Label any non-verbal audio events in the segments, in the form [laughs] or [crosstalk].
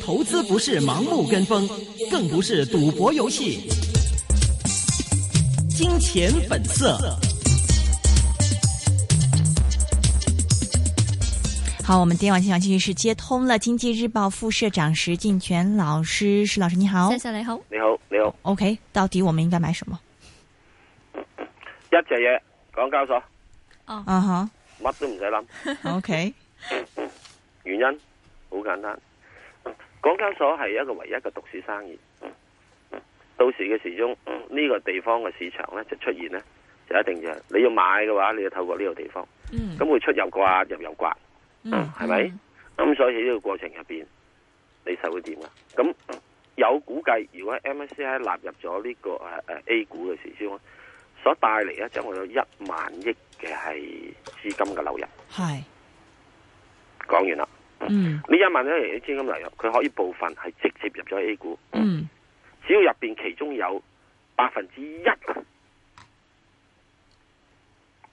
投資不是盲目跟風，更不是賭博遊戲。金錢本色。好，我們電話接上，繼續是接通了《經濟日報》副社長石鏡泉老師。石老師，你好。先生，你好。你好，你好。OK，到底我們應該買什麼？一隻嘢，港交所。啊嗯哼，乜都唔使諗。OK，原因？好簡單，港交所係一個唯一嘅獨市生意。到時嘅時鐘呢、這個地方嘅市場咧就出現咧，就一定就係你要買嘅話，你要透過呢個地方。嗯，咁會出入掛入又掛。嗯，係咪？咁、嗯、所以喺呢個過程入邊，你受會點啊？咁有估計，如果 MSCI 納入咗呢個誒誒 A 股嘅時鐘，所帶嚟啊，將會有一萬億嘅係資金嘅流入。係，講完啦。嗯，呢一萬蚊嚟嘅資金流入，佢可以部分係直接入咗 A 股。嗯，只要入邊其中有百分之一、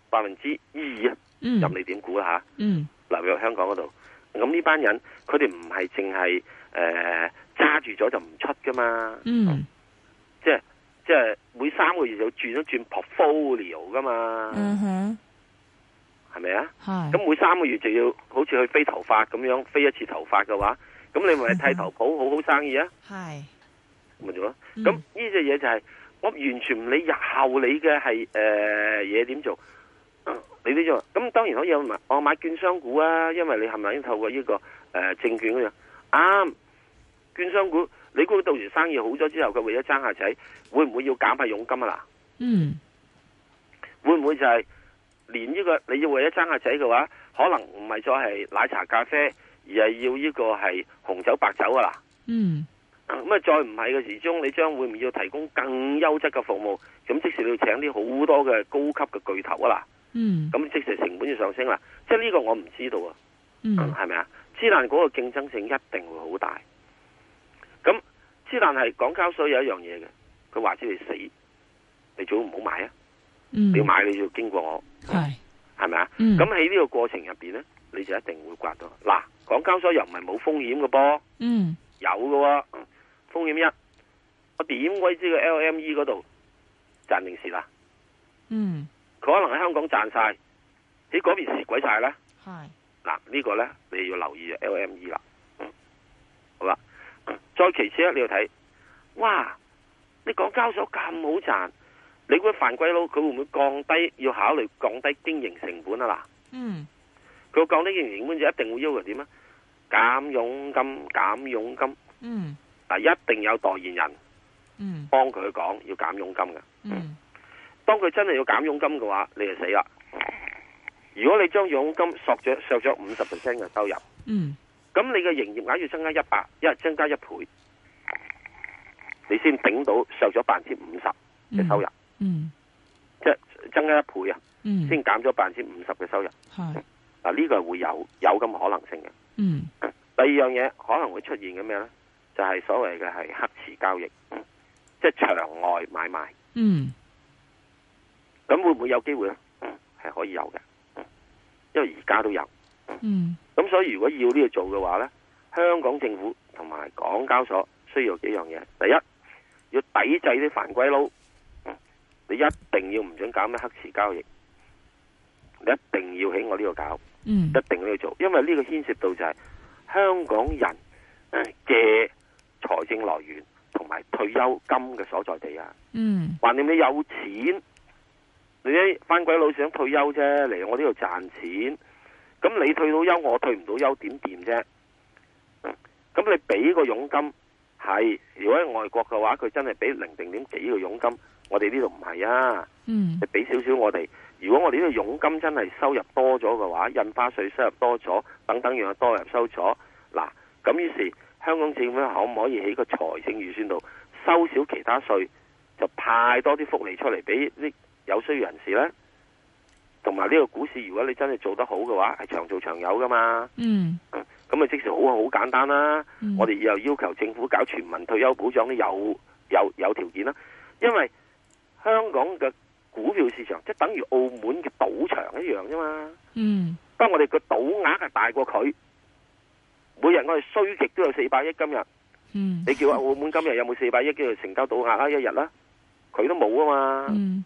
百分之二啊，任你點估啊吓。嗯，流入香港嗰度，咁呢班人佢哋唔係淨係誒揸住咗就唔出噶嘛。嗯，嗯即係即係每三個月就轉一轉 portfolio 噶嘛。嗯哼。係咪啊？咁每三個月就要好似去飛頭髮咁樣飛一次頭髮嘅話，咁你咪係剃頭鋪好好生意啊？係咪咁咯？咁呢隻嘢就係、嗯就是、我完全唔理日後你嘅係誒嘢點做，啊，你點做？咁當然可以買，我買券商股啊，因為你係咪已經透過呢、這個誒、呃、證券嘅？啱，啊，券商股，你估到時生意好咗之後，佢為咗爭客仔，會唔會要減下佣金啊？嗱，嗯，會唔會就係、是？連呢、這個你要為咗爭阿仔嘅話，可能唔係再係奶茶咖啡，而係要呢個係紅酒白酒噶啦。嗯，咁啊再唔係嘅時中，你將會唔要提供更優質嘅服務，咁即時你要請啲好多嘅高級嘅巨頭啊啦。嗯，咁即時成本要上升啦，即係呢個我唔知道啊。嗯、mm.，係咪啊？芝蘭嗰個競爭性一定會好大。咁芝蘭係港交所有一樣嘢嘅，佢話之你死，你最好唔好買啊！要買，你要經過我，係係咪啊？咁喺呢個過程入邊咧，你就一定會刮到。嗱，港交所又唔係冇風險嘅波，嗯，有嘅，喎。風險一，我點鬼知個 LME 嗰度賺定蝕啊？嗯，佢可能喺香港賺晒，喺嗰邊蝕鬼晒咧。係嗱，這個，呢個咧你要留意 LME 啦。好啦，再其次咧，你要睇，哇，你港交所咁好賺。你佬會犯規咯？佢會唔會降低？要考慮降低經營成本啊？嗱，嗯，佢降低經營成本就一定會要求點啊？減佣金，減佣金，嗯，嗱，一定有代言人，嗯，幫佢講要減佣金嘅，嗯，當佢真係要減佣金嘅話，你就死啦！如果你將佣金削咗削咗五十 percent 嘅收入，嗯，咁你嘅營業額要增加一百，一係增加一倍，你先頂到削咗百分之五十嘅收入。嗯嗯，即係增加一倍啊，嗯，先減咗百分之五十嘅收入，係嗱，呢個係會有有咁可能性嘅。嗯，第二樣嘢可能會出現嘅咩咧，就係、是、所謂嘅係黑池交易，即係場外買賣，嗯，咁會唔會有機會咧？係可以有嘅，因為而家都有，嗯，咁所以如果要呢度做嘅話咧，香港政府同埋港交所需要幾樣嘢，第一要抵制啲犯規佬。你一定要唔准搞咩黑池交易，你一定要喺我呢度搞，嗯，一定要做，因為呢個牽涉到就係香港人嘅財政來源同埋退休金嘅所在地啊。嗯，話你有錢，你啲番鬼佬想退休啫，嚟我呢度賺錢，咁你退到休，我退唔到休，點掂啫？咁你俾個佣金，係如果喺外國嘅話，佢真係俾零定點幾個佣金。我哋呢度唔係啊嗯、你俾少少我哋。如果我哋呢個佣金真係收入多咗嘅話，印花稅收入多咗，等等樣嘢多入收咗，嗱，咁於是香港政府可唔可以喺個財政預算度收少其他稅，就派多啲福利出嚟俾啲有需要人士呢？同埋呢個股市，如果你真係做得好嘅話，係長做長有噶嘛？嗯，咁、嗯、啊即時好好簡單啦、啊嗯。我哋又要求政府搞全民退休保障都有有有條件啦、啊，因為。香港嘅股票市場即等於澳門嘅賭場一樣啫嘛。嗯，不過我哋個賭額係大過佢，每日我哋衰極都有四百億。今日，嗯，你叫啊澳門今日有冇四百億叫做成交賭額啦。一日啦，佢都冇啊嘛。嗯，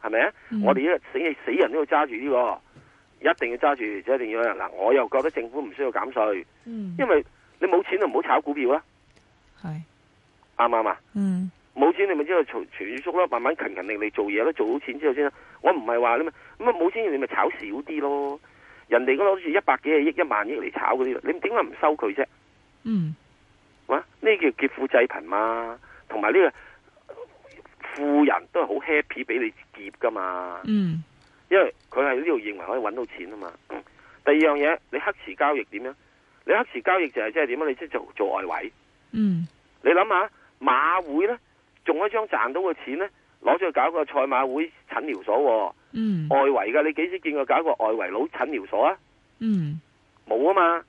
係咪啊？我哋一日死死人都要揸住呢個，一定要揸住，就一定要有人。嗱，我又覺得政府唔需要減稅，嗯，因為你冇錢就唔好炒股票啦。係，啱唔啱啊？嗯。冇錢你咪即係儲儲蓄咯，慢慢勤勤力力做嘢咯，做到錢之後先啦。我唔係話你咪，咁啊冇錢你咪炒少啲咯。人哋攞住一百幾億、一萬億嚟炒嗰啲，你點解唔收佢啫？嗯，哇、啊，呢叫劫富濟貧嘛，同埋呢個富人都係好 happy 俾你劫噶嘛。嗯，因為佢係呢度認為可以搵到錢啊嘛、嗯。第二樣嘢，你黑池交易點樣？你黑池交易就係即係點啊？你即係做做外圍。嗯，你諗下馬會咧。仲一張賺到嘅錢呢，攞咗去搞個賽馬會診療所，外圍噶，你幾時見過搞個外圍佬診療所啊？嗯，冇啊、嗯、沒嘛，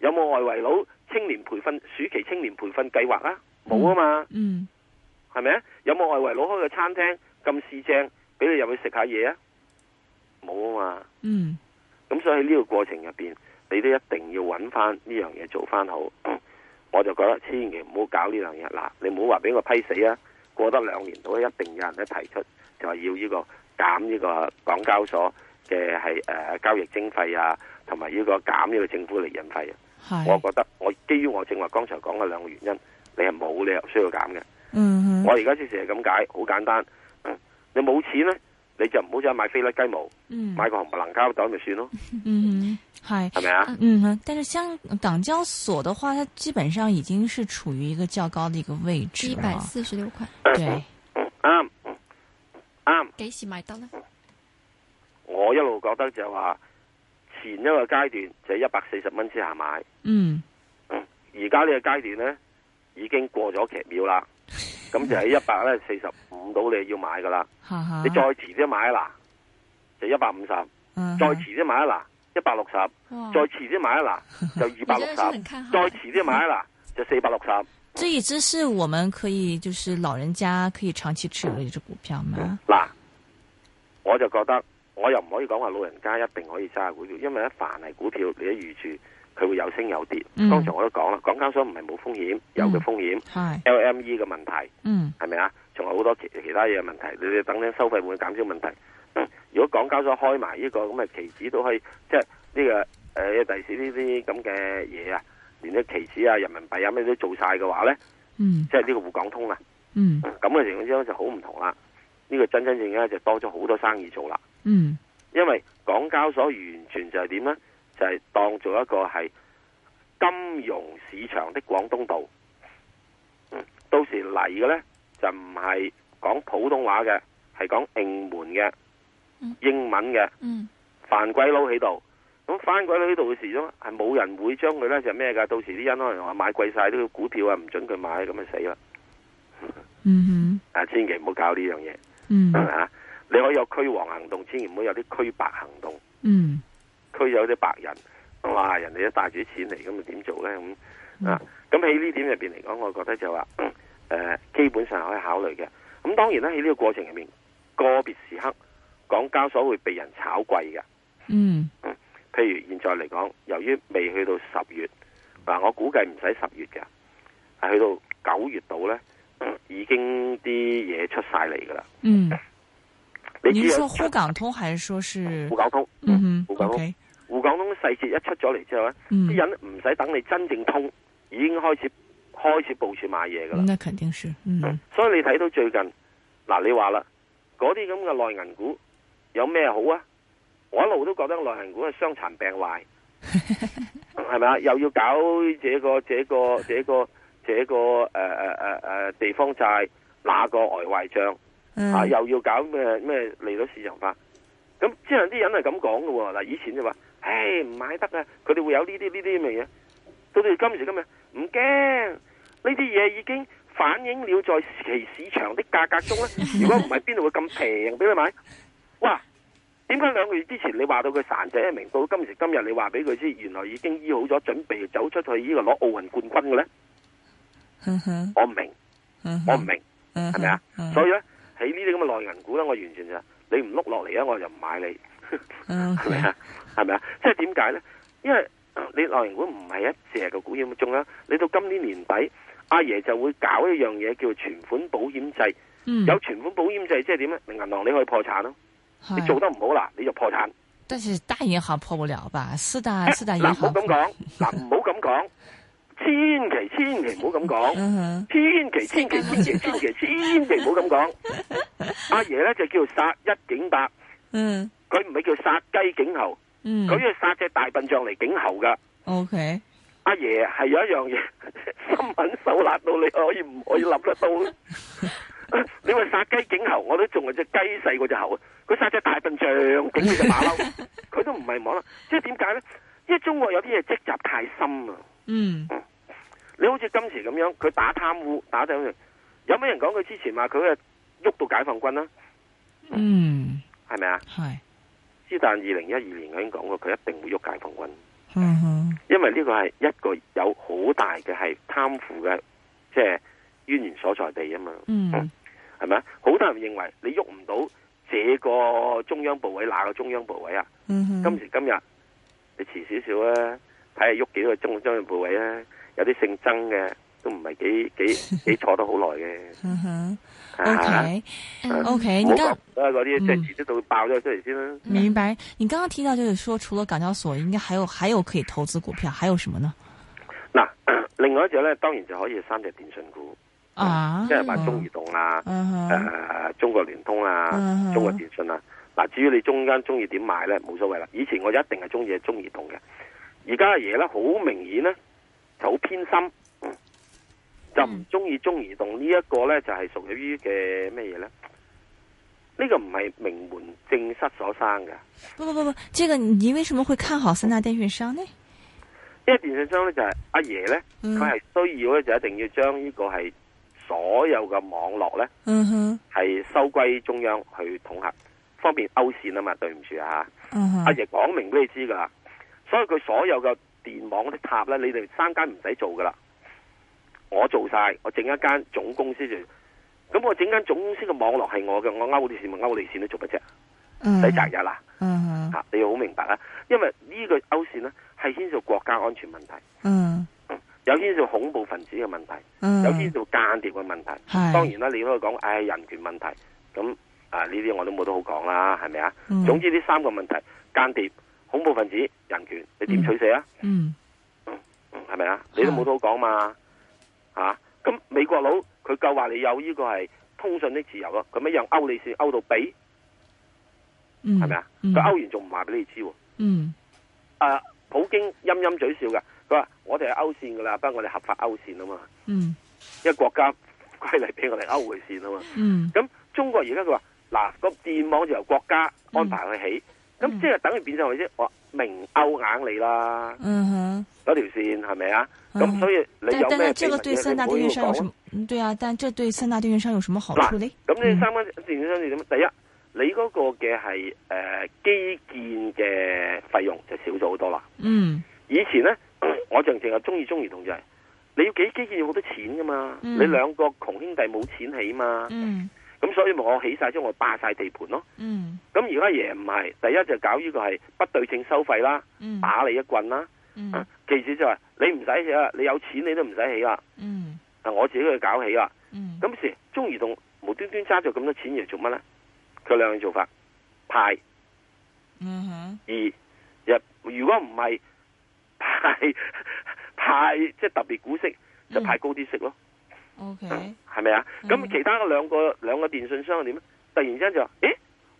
有冇外圍佬青年培訓暑期青年培訓計劃啊？冇、嗯、啊嘛，嗯，係咪啊？有冇外圍佬開嘅餐廳咁市正俾你入去食下嘢啊？冇啊嘛，嗯，咁所以呢個過程入邊，你都一定要揾翻呢樣嘢做翻好。我就覺得千祈唔好搞呢兩日。嗱，你唔好話俾我批死啊！過得兩年都一定有人咧提出，就係要呢個減呢個港交所嘅係誒交易徵費啊，同埋呢個減呢個政府利潤費。我覺得我基於我正話剛才講嘅兩個原因，你係冇理由需要減嘅。嗯、mm -hmm.，我而家即係咁解，好簡單。你冇錢咧。你就唔好再買飛甩雞毛、嗯，買個紅白藍膠袋咪算咯。嗯，係，係咪啊？嗯，但是香港交所的話，它基本上已經是處於一個較高的一個位置了，一百四十六塊、啊。對，嗯，嗯，幾、嗯嗯嗯嗯嗯、時買到呢？我一路覺得就係話，前一個階段就係一百四十蚊之下買。嗯，而、嗯、家呢個階段咧，已經過咗奇妙啦。 [laughs] 咁 [laughs] 就喺一百咧，四十五度你要買噶啦。 [laughs] 你再遲啲買啦，就一百五十；160, [laughs] 再遲啲買啦，一百六十；再遲啲買啦，就二百六十；再遲啲買啦，就四百六十。 [laughs] 這一支是我們可以，就是老人家可以長期持有嘅一支股票嘛？嗱 [laughs] 嗯，我就覺得我又唔可以講話老人家一定可以揸股票，因為咧凡係股票，你一遇住。佢會有升有跌。嗯、剛才我都講啦，港交所唔係冇風險，嗯、有嘅風險，LME 嘅問題，係咪啊？仲有好多其其他嘢問題，嗯、你哋等等收費會減少問題。嗯、如果港交所開埋呢、呢個咁嘅期指，這子都可以即係呢、呢個誒、呃、第四呢啲咁嘅嘢啊，連啲期指啊、人民幣啊咩都做晒嘅話咧、嗯，即係呢個滬港通啦。咁、嗯、嘅情況之下就好唔同啦。呢、呢個真真正正就是多咗好多生意做啦、嗯。因為港交所完全就係點咧？就係、是、當做一個係金融市場的廣東道，嗯、到時嚟嘅呢，就唔係講普通話嘅，係講英文嘅，英文嘅，犯、嗯、鬼佬喺度，咁、嗯、范、嗯、鬼佬喺度嘅時候係冇人會將佢呢就咩、是、噶？到時啲人可能話買貴晒啲股票啊，唔準佢買咁咪死咯。嗯、 [laughs] 啊，千祈唔好搞呢樣嘢、嗯嗯啊，你可以有驅黃行動，千祈唔好有啲驅白行動，嗯。區有啲白人，哇！人哋都帶住啲錢嚟，咁咪點做咧？咁、嗯、啊，咁喺呢點入邊嚟講，我覺得就話、是、誒、呃，基本上可以考慮嘅。咁、啊、當然啦，喺呢個過程入面，個別時刻港交所會被人炒貴嘅。嗯，嗯譬如現在嚟講，由於未去到十月，嗱、啊，我估計唔使十月嘅，係、啊、去到九月度咧，已經啲嘢出晒嚟噶啦。嗯，你是說滬港通，還是說是滬港通？嗯，嗯滬港通，OK。細節一出咗嚟之後咧，啲、嗯、人唔使等你真正痛，已經開始開始部署買嘢噶啦。該、嗯、肯定是，嗯嗯所以你睇到最近嗱，你話啦，嗰啲咁嘅內銀股有咩好啊？我一路都覺得內銀股係傷殘病壞，係咪啊？又要搞這個這個這個這個誒誒誒誒地方債，哪個外壞賬、嗯、啊？又要搞咩咩利率市場化？咁之後啲人係咁講嘅喎。嗱，以前就話。誒，唔買得啊！佢哋會有呢啲呢啲咁嘅嘢。到到今時今日，唔驚呢啲嘢，已經反映了在時期市場的價格中咧。 [laughs] 如果唔係邊度會咁平俾佢買？哇！點解兩個月之前你話到佢孱仔一名，到今時今日你話俾佢知，原來已經醫好咗，準備走出去呢個攞奧運冠軍嘅咧？ [laughs] 我唔明， [laughs] 我唔明，我唔明，係咪啊？所以咧喺呢啲咁嘅內銀股咧，我完全就你唔碌落嚟，啊，我就唔買你。嗯，係咪啊？係咪啊？即係點解咧？因為你銀行股唔係一借嘅股，要咪仲啦？你到今年年底，阿爺就會搞一樣嘢，叫存款保險制。嗯、有存款保險制是，即係點咧？銀行你可以破產咯、哦嗯。你做得唔好啦，你就破產。但係大銀行破唔了吧？四大四大銀行。嗱、啊，唔好咁講。嗱、 [laughs] 啊，唔好咁講。千祈千祈唔好咁講。千祈千祈千祈千祈千祈唔好咁講。阿爺咧就叫殺一儆百。嗯。佢唔係叫殺雞儆猴。佢、嗯、要殺隻大笨象嚟警猴噶，OK？阿爺係有一樣嘢心狠手辣到你可以唔可以諗得到？ [laughs] [laughs] 你話殺雞警猴，我都仲係隻雞細過隻猴啊！佢殺隻大笨象警呢隻馬騮，佢 [laughs] 都唔係冇啦。即係點解咧？因為中國有啲嘢積習太深啊！嗯， [laughs] 你好似今次咁樣，佢打貪污，打等於有咩人講佢之前話佢喐到解放軍啦、啊？嗯，係咪啊？係。但二零一二年我已經講過，佢一定會喐解放軍， [music] 因為呢個係一個有好大嘅係貪腐嘅，即係淵源所在地啊嘛，係咪啊？好多人認為你喐唔到這個中央部委，那個中央部委啊？ [music] 今時今日你遲少少啊，睇下喐幾多個中央部委啊，有啲姓曾嘅。都唔係幾幾幾坐得好耐嘅。OK OK。而家嗰啲即係跌得到爆咗出嚟先啦。明白。你剛剛提到就係說，除咗港交所，應該還有還有可以投資股票，還有什麼呢？嗱、嗯，另外一隻咧，當然就可以三隻電信股啊，嗯、即係買中移動啊、誒、嗯啊嗯，中國聯通啊、嗯、中國電信、嗯、啊。嗱，至於你中間中意點買咧，冇所謂啦。以前我一定係中意中移動嘅，而家嘅嘢咧，好明顯咧，就好偏心。就唔中意中移動呢一、嗯這個咧，就係屬於於嘅咩嘢咧？呢、這個唔係名門正室所生噶。不不不不，這個你為什麼會看好三大電信商呢？因為電信商咧就係、是、阿、啊、爺咧，佢、嗯、係需要咧就一定要將呢個係所有嘅網絡咧，係、嗯、收歸中央去統合，方便勾線啊嘛，對唔住啊。阿、嗯啊、爺講明俾你知噶，所以佢所有嘅電網嗰啲塔咧，你哋三間唔使做噶啦。我做晒，我整一間總公司就。咁我整間總公司嘅網絡係我嘅，我勾你線咪勾你線都做得啫，使、嗯、節日啦，吓、嗯、你要好明白啦，因為呢個勾線咧係牽涉國家安全問題，嗯、有牽涉恐怖分子嘅問題，嗯、有牽涉間諜嘅問題，嗯、當然啦，你可以講唉、哎、人權問題，咁啊呢啲我都冇得好講啦，係咪啊、嗯？總之呢三個問題，間諜、恐怖分子、人權，你點取捨啊？嗯嗯，係咪啊？你都冇得好講嘛？吓、啊，咁美國佬佢夠話你有呢個係通訊的自由啊。咁一樣勾你線勾到俾，係咪啊？佢勾完仲唔話俾你知？嗯，是是嗯嗯啊、普京陰陰嘴笑噶，佢話我哋係勾線噶啦，不過我哋合法勾線啊嘛，嗯，因為國家規例俾我哋勾回線啊嘛，咁、嗯、中國而家佢話嗱個電網就由國家安排去起，咁、嗯、即係等於變咗為啫，我明勾硬你啦，有、嗯、條線係咪啊？是不是咁、嗯、所以你有咩？但但但，呢個對三大電源商有什麼？對啊、嗯，但這對三大電源商有什麼好處咧？嗱，咁你三間電源商點、嗯？第一，你嗰個嘅係誒基建嘅費用就少咗好多啦。嗯，以前咧，我仲淨係中意中移同志，你要幾基建要好多錢噶嘛？嗯、你兩個窮兄弟冇錢起嘛？嗯，咁、嗯、所以咪我起晒之後我霸晒地盤咯。嗯，咁而家爺唔係，第一就搞呢個係不對稱收費啦、嗯，打你一棍啦。嗯，其次就話你唔使起啊，你有錢你都唔使起啊嗯，但係我自己去搞起啊嗯，咁時中移動無端端揸咗咁多錢嚟做乜咧？佢兩樣做法，派，嗯哼，二一如果唔係派派即係、就是、特別股息，就派高啲息咯。OK，係咪啊？咁其他兩個兩個電信商點咧？突然之間就話誒，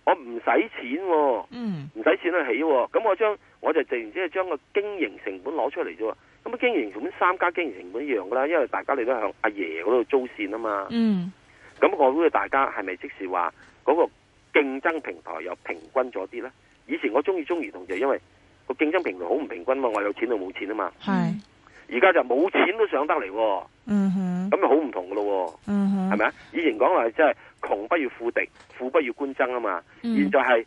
我唔使錢，嗯，唔使錢去起，咁我將。我就淨然之係將個經營成本攞出嚟啫喎，咁啊經營成本三家經營成本一樣噶啦，因為大家你都向阿爺嗰度租線啊嘛。嗯。咁我估嘅大家係咪即係話嗰個競爭平台又平均咗啲咧？以前我中意中移動就係因為個競爭平台好唔平均嘛，我有錢就冇錢啊嘛。係。而家就冇錢都上得嚟喎。嗯哼。咁就好唔同噶咯喎。嗯哼。係咪啊？以前講話即係窮不與富敵，富不與官爭啊嘛。嗯。現在係。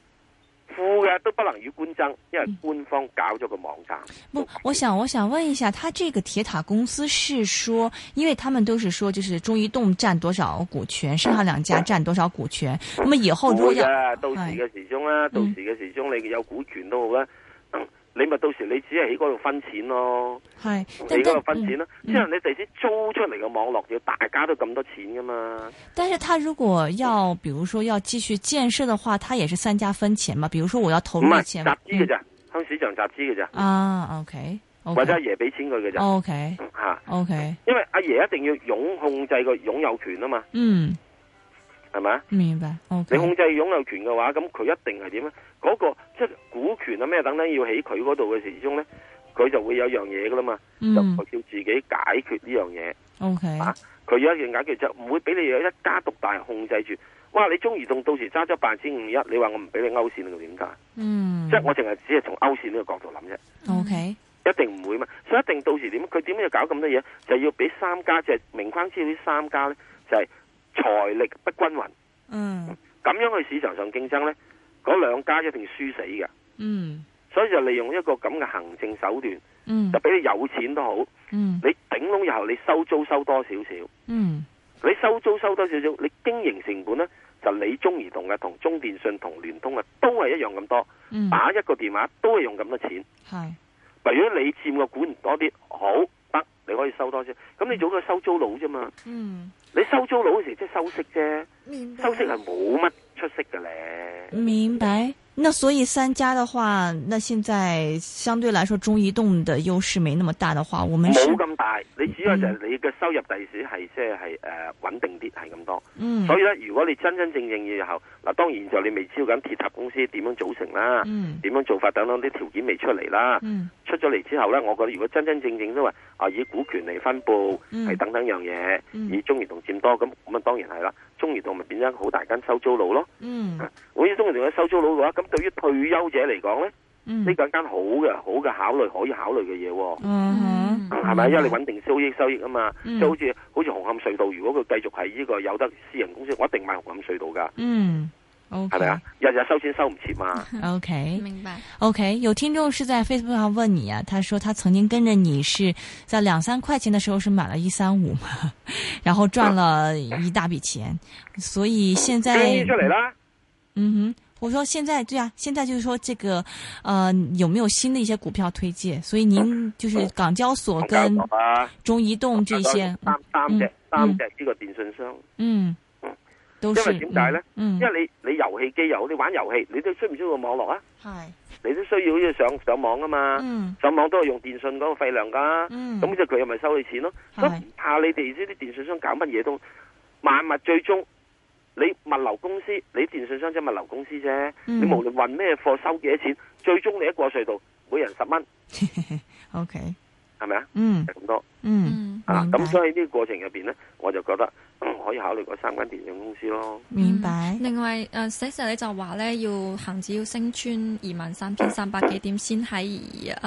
富嘅都不能與官爭，因為官方搞咗個網站。嗯。不，我想我想問一下，他這個鐵塔公司是說，因為他們都是說，就是中移動佔多少股權，剩下兩家佔多少股權，嗯、那麼以後都要到時嘅時鐘啦，到時嘅時鐘、嗯、你有股權都好啦。你咪到時你只係喺嗰度分錢咯，喺嗰度分錢咯。即、嗯、係你地主租出嚟嘅網絡要大家都咁多錢噶嘛。但是佢如果要，比如說要繼續建設嘅話，佢也是三家分錢嘛。比如說我要投入嘅錢，集資嘅咋、嗯，向市場集資嘅咋。啊 okay，OK，或者阿爺俾錢佢嘅咋。OK，嚇，OK。因為阿爺一定要擁控制個擁有權啊嘛。嗯。係嘛？明白。Okay，你控制擁有權嘅話，咁佢一定係點啊？嗰、嗰個即係股權啊咩等等要喺佢嗰度嘅時中咧，佢就會有樣嘢噶啦嘛。嗯、就叫自己解決呢樣嘢。O、okay、K。佢、啊、有一樣解決就唔、是、會俾你有一家獨大控制住。哇！你中移動到時揸咗百分之五十一，你話我唔俾你勾線，你點解？嗯。即係我淨係只係從勾線呢個角度諗啫。O、okay、K。一定唔會嘛？所以一定到時點？佢點解要搞咁多嘢？就是、要俾三家即係、就是、明框之呢三家咧，就係、是。財力不均匀，嗯，咁樣去市場上競爭呢，嗰兩家一定輸死嘅，嗯，所以就利用一個咁嘅行政手段，嗯，就俾你有錢都好，嗯、你頂籠以後你收租收多少少，嗯，你收租收多少少，你經營成本呢，就你中移動嘅同中電信同聯通嘅都係一樣咁多，打、嗯、一個電話都係用咁多錢，係，但如果你佔個股唔多啲好。你可以收多啲，咁你做個收租佬啫嘛？嗯，你收租佬時即係收息啫，收息係冇乜出息嘅咧，明白。那所以三家的話，那現在相對來說中移動的優勢沒那麼大的話，我們冇咁大。你主要就係你嘅收入地是、就是，第時係即係穩定啲，係咁多、嗯。所以呢，如果你真真正正以後嗱，當然就是你未知緊鐵塔公司點樣組成啦，點、嗯、樣做法等等啲條件未出嚟啦、嗯。出咗嚟之後呢，我覺得如果真真正正都話啊以股權嚟分布，係、嗯、等等樣嘢、嗯，以中移動佔多咁咁啊，當然係啦。中二道咪變咗好大間收租佬咯，嗯，好似中二道嘅收租佬嘅話，咁對於退休者嚟講咧，呢間間好嘅、好嘅考慮可以考慮嘅嘢喎，嗯，係咪、嗯、因為你穩定收益、收益啊嘛，即、嗯、好似好似紅磡隧道，如果佢繼續係呢個有得私人公司，我一定買紅磡隧道噶，嗯。哦，係咪啊？日日收錢收唔切嘛。OK，明白。OK，有聽眾是在 Facebook 上問你啊，他說他曾經跟着你是在兩三塊錢的時候是買了一三五嘛，然後賺了一大筆錢，所以現在，出嚟啦。嗯哼，我說現在對啊，現在就是說這個呃有沒有新的一些股票推介？所以您就是港交所跟中移動這些。三三隻三隻呢個電信商。嗯。嗯嗯因為點解咧？因為你你遊戲機有，你玩遊戲，你都需唔需要個網絡啊？係，你都需要要上上網啊嘛、嗯。上網都係用電信嗰個費量噶、啊。咁、嗯、就佢又咪收你錢咯、啊？都唔怕你哋呢啲電信商搞乜嘢都，萬物最終，你物流公司，你電信商即係物流公司啫、嗯。你無論運咩貨收幾多錢，最終你一個隧道每人十蚊。O K，係咪啊？嗯，就咁多。嗯啊，咁所以呢個過程入邊咧，我就覺得。咁、嗯、可以考慮嗰三間電影公司咯。明白。另外，誒、呃，寫實你就話咧，要恒指要升穿二萬三千三百幾點先係誒，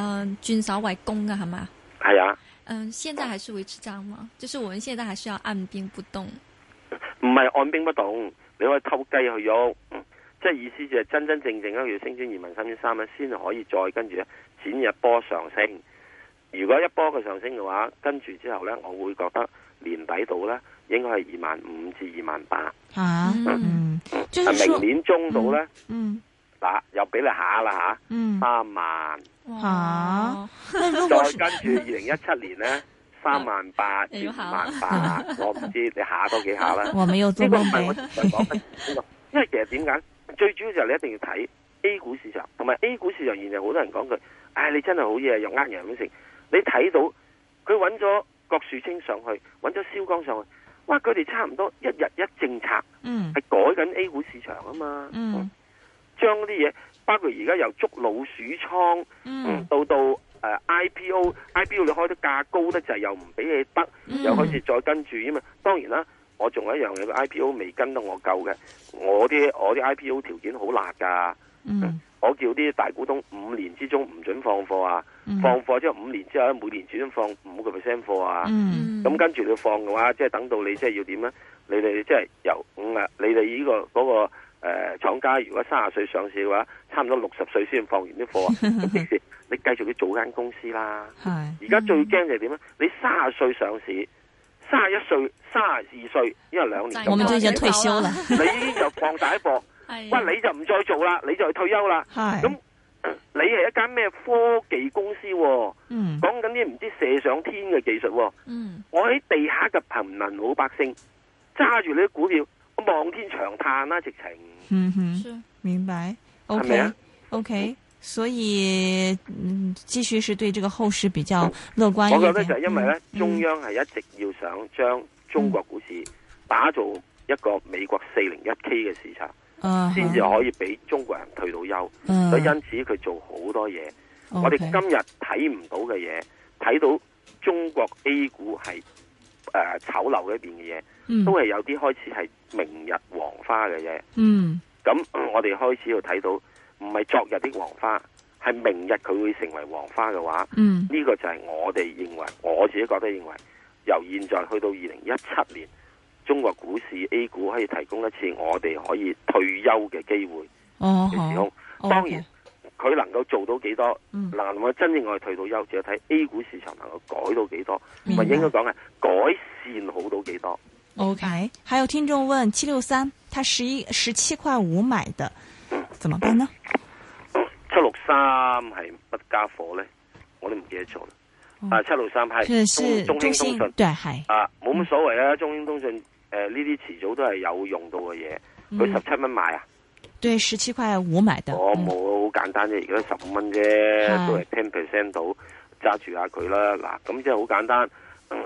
轉、呃、手為攻的是嗎是啊，係嘛？係啊。嗯，現在還是維持這樣嘛，就是我們現在還是要按兵不動？唔係按兵不動，你可以偷雞去喐、嗯。即係意思就係真真正正一個升穿二萬三千三百先可以再跟住啊，轉入波上升。如果一波佢上升嘅話，跟住之後咧，我會覺得年底到咧，應該係二萬五至二萬八。吓、啊，嗯，嗯、就是，明年中到咧，嗯，嗱、嗯，又俾你下啦吓，嗯，三萬，吓，再跟住二零一七年咧、啊，三萬八至五萬八，我唔知你下多幾下啦。我沒有中。呢個唔係，我唔係講乜嘢，因為其實點解最主要就你一定要睇 A 股市場，同埋 A 股市場，現在好多人講佢，唉、哎，你真係好嘢，又呃人咩成？你睇到佢揾咗郭樹清上去，揾咗肖鋼上去，哇！佢哋差唔多一日一政策，係、嗯、係改緊 A 股市場啊嘛，將、嗯嗯、將啲嘢包括而家由捉老鼠倉，嗯，到到 IPO，IPO、uh, IPO 你開得價高得滯就又唔畀你得，又開始再跟住啊嘛。當然啦，我仲有一樣嘢，個 IPO 未跟得我夠嘅，我啲我啲 IPO 條件好辣噶、嗯嗯，我叫啲大股東五年之中唔准放貨啊。放貨、嗯、即係五年之後，每年始終放五個 percent 貨啊。咁、嗯嗯、跟住你放嘅話，即係等到你即係要點咧？你哋即係由五啊、嗯，你哋、這、呢個嗰、那個誒廠、呃、家，如果卅歲上市嘅話，差唔多六十歲先放完啲貨。即 [laughs] 時你繼續去做間公司啦。而家最驚就係點咧？你卅歲上市，卅一歲、卅二歲，因為兩年，我哋都已經退休啦。你已經就放大一波， [laughs] 喂，你就唔再做啦，你就去退休啦。咁你係一間咩科技公司、哦？嗯，講緊啲唔知射上天嘅技術、哦。嗯，我喺地下嘅貧民老百姓揸住你啲股票，我望天長歎啦、啊，直情。嗯哼，是明白。係咪？OK 所以繼、嗯、續是對這個後市比較樂觀、嗯。我覺得就係因為咧、嗯，中央係一直要想將中國股市、嗯、打造一個美國四零一 K 嘅市場。先至、 [noise] uh, 可以俾中國人退到休，uh, 所以因此佢做好多嘢，okay。我哋今日睇唔到嘅嘢，睇到中國 A 股係誒、呃、醜陋嘅一邊嘅嘢，都係有啲開始係明日黃花嘅嘢。嗯，咁我哋開始要睇到，唔係昨日啲黃花，係明日佢會成為黃花嘅話，嗯，呢、這個就係我哋認為，我自己覺得認為，由現在去到二零一七年。中國股市 A 股可以提供一次我哋可以退休嘅機會哦、oh, 當然佢、oh, okay. 能夠做到幾多，嗱、嗯、我真正我哋退到休，只有睇 A 股市場能夠改到幾多，唔係應該講係改善好到幾多。OK，還有聽眾問七六三，他十一十七塊五買的，怎麼辦呢？嗯嗯、七六三係乜家伙呢？我都唔記得咗。啊，七六三派，中中興通訊，對，係啊，冇乜所謂啦。中興通訊誒，呢啲遲早都係有用到嘅嘢。佢十七蚊買啊？對，十七塊五買嘅。我冇好簡單啫，而家十五蚊啫，都係 ten percent 到揸住下佢啦。嗱，咁即係好簡單。誒、嗯，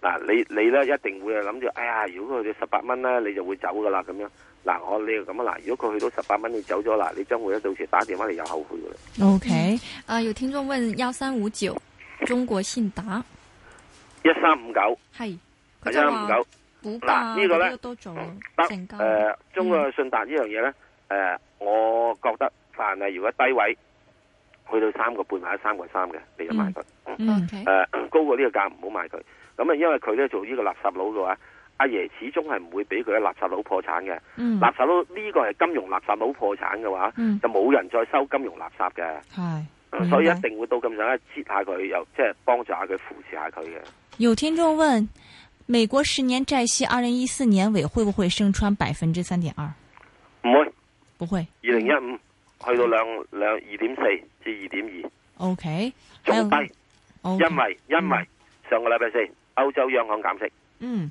嗱、呃，你你咧一定會諗住，哎呀，如果佢十八蚊咧，你就會走噶啦。咁樣嗱，我你咁啊嗱，如果佢去到十八蚊，你走咗啦，你將會咧到時打電話嚟有後悔噶啦。OK，啊、嗯呃，有聽眾問幺三五九。中國信達，一三五九，係一三五九。嗱，啊這個、呢、嗯、個咧都仲，成、嗯、誒、呃，中國信達呢樣嘢咧，誒、呃，我覺得凡係如果低位、嗯、去到三個半或者三個三嘅，你就買佢。誒、嗯嗯嗯，高過呢個價唔好買佢。咁啊，因為佢咧做呢個垃圾佬嘅話，阿爺始終係唔會俾佢嘅垃圾佬破產嘅、嗯。垃圾佬呢、這個係金融垃圾佬破產嘅話，嗯、就冇人再收金融垃圾嘅。係。所以一定會到咁樣一切一，一截下佢又即係幫助下佢扶持下佢嘅。有聽眾問：美國十年債息二零一四年尾會不會升穿百分之三點二？唔會，不會。二零一五去到兩兩二點四至二點二。O K，最低，okay, 因為 okay, 因為、um, 上個禮拜四，歐洲央行減息，嗯、um,，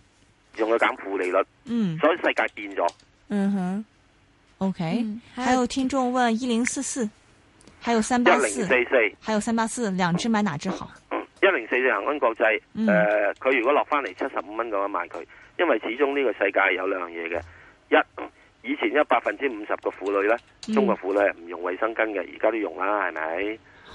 仲有減負利率，嗯、um,，所以世界變咗。嗯哼，O K，還有聽眾問一零四四。還有三八四，一零四四，還有三八四，兩支，買哪支好？一零四四恒安國際，佢、嗯呃、如果落翻嚟七十五蚊嘅話買佢，因為始終呢個世界有兩樣嘢嘅，一以前有百分之五十個婦女呢，中國婦女唔用衛生巾嘅，而、嗯、家都用啦，係咪、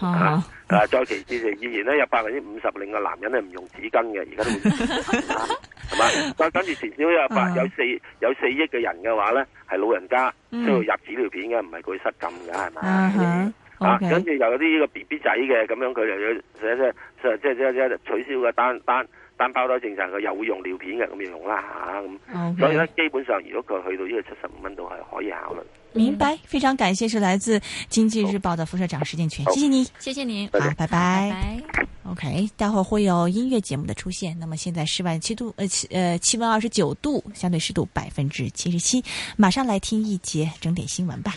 啊？再其次，以前咧有百分之五十另嘅男人呢唔用紙巾嘅，而家都會用，係 [laughs] 嘛？再跟住前少有百、嗯、有四有四億嘅人嘅話呢，係老人家、嗯、需要入紙尿片嘅，唔係佢失禁嘅係咪？Okay. 啊，跟住又有啲呢個 B B 仔嘅，咁樣佢又要取消嘅，單單單包胎正常，佢又會用尿片嘅，咁樣用啦吓咁。所以咧，基本上如果佢去到呢個七十五蚊度係可以考慮。明白，非常感謝，是來自經濟日報的副社長石鏡泉，謝謝你好，謝謝你，啊，謝謝拜，拜，好拜拜。OK，待會會有音樂節目的出現。那麼現在室外七度，誒、呃，誒，氣溫二十九度，相對濕度百分之七十七。馬上來聽一節整點新聞吧。